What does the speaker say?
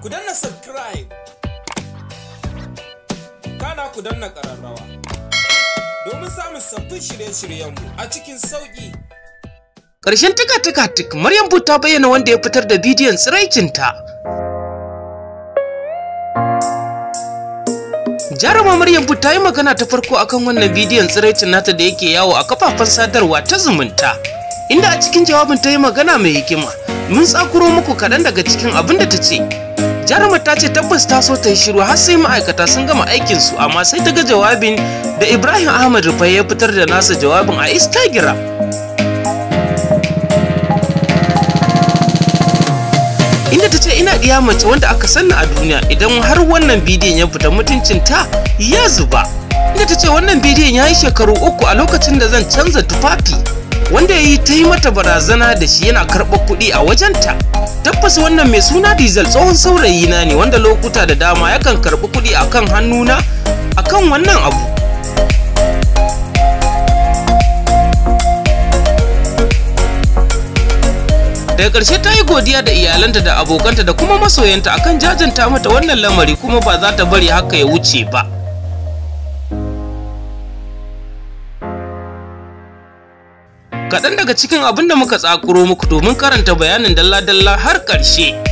ku danna subscribe kana ku danna ƙararrawa domin samun sabbin shirye-shiryenmu a cikin sauƙi ƙarshen tuka-tuka-tuk maryam ta bayyana wanda ya fitar da bidiyon tsiraicinta jaruma maryam ta yi magana ta farko akan wannan bidiyon tsiraicin nata da yake yawo a kafafen sadarwa ta zumunta inda a cikin jawabin ta yi magana mai hikima mun tsakuro muku kaɗan daga cikin abin da ta ce jarumar ta ce tabbas ta so ta yi shiru har sai ma'aikata sun gama aikinsu amma sai ta ga jawabin da ibrahim ahmad rufai ya fitar da nasa jawabin a instagram inda ta ce ina iya mace wanda aka sanna a duniya idan har wannan bidiyon ya fita mutuncinta ya zuba inda ta ce wannan bidiyon ya yi shekaru uku a lokacin da zan canza tufafi wanda ya yi ta yi mata barazana da shi yana karɓar kuɗi a wajenta tabbas wannan mai suna dizal tsohon saurayi na ne wanda lokuta da dama yakan karɓi kuɗi a kan hannuna a kan wannan abu daga ƙarshe ta yi godiya da iyalanta da abokanta da kuma masoyanta akan jajanta mata wannan lamari kuma ba za ta bari haka ya wuce ba kaɗan daga cikin abin da muka tsakuro muku domin karanta bayanin dalla-dalla har ƙarshe.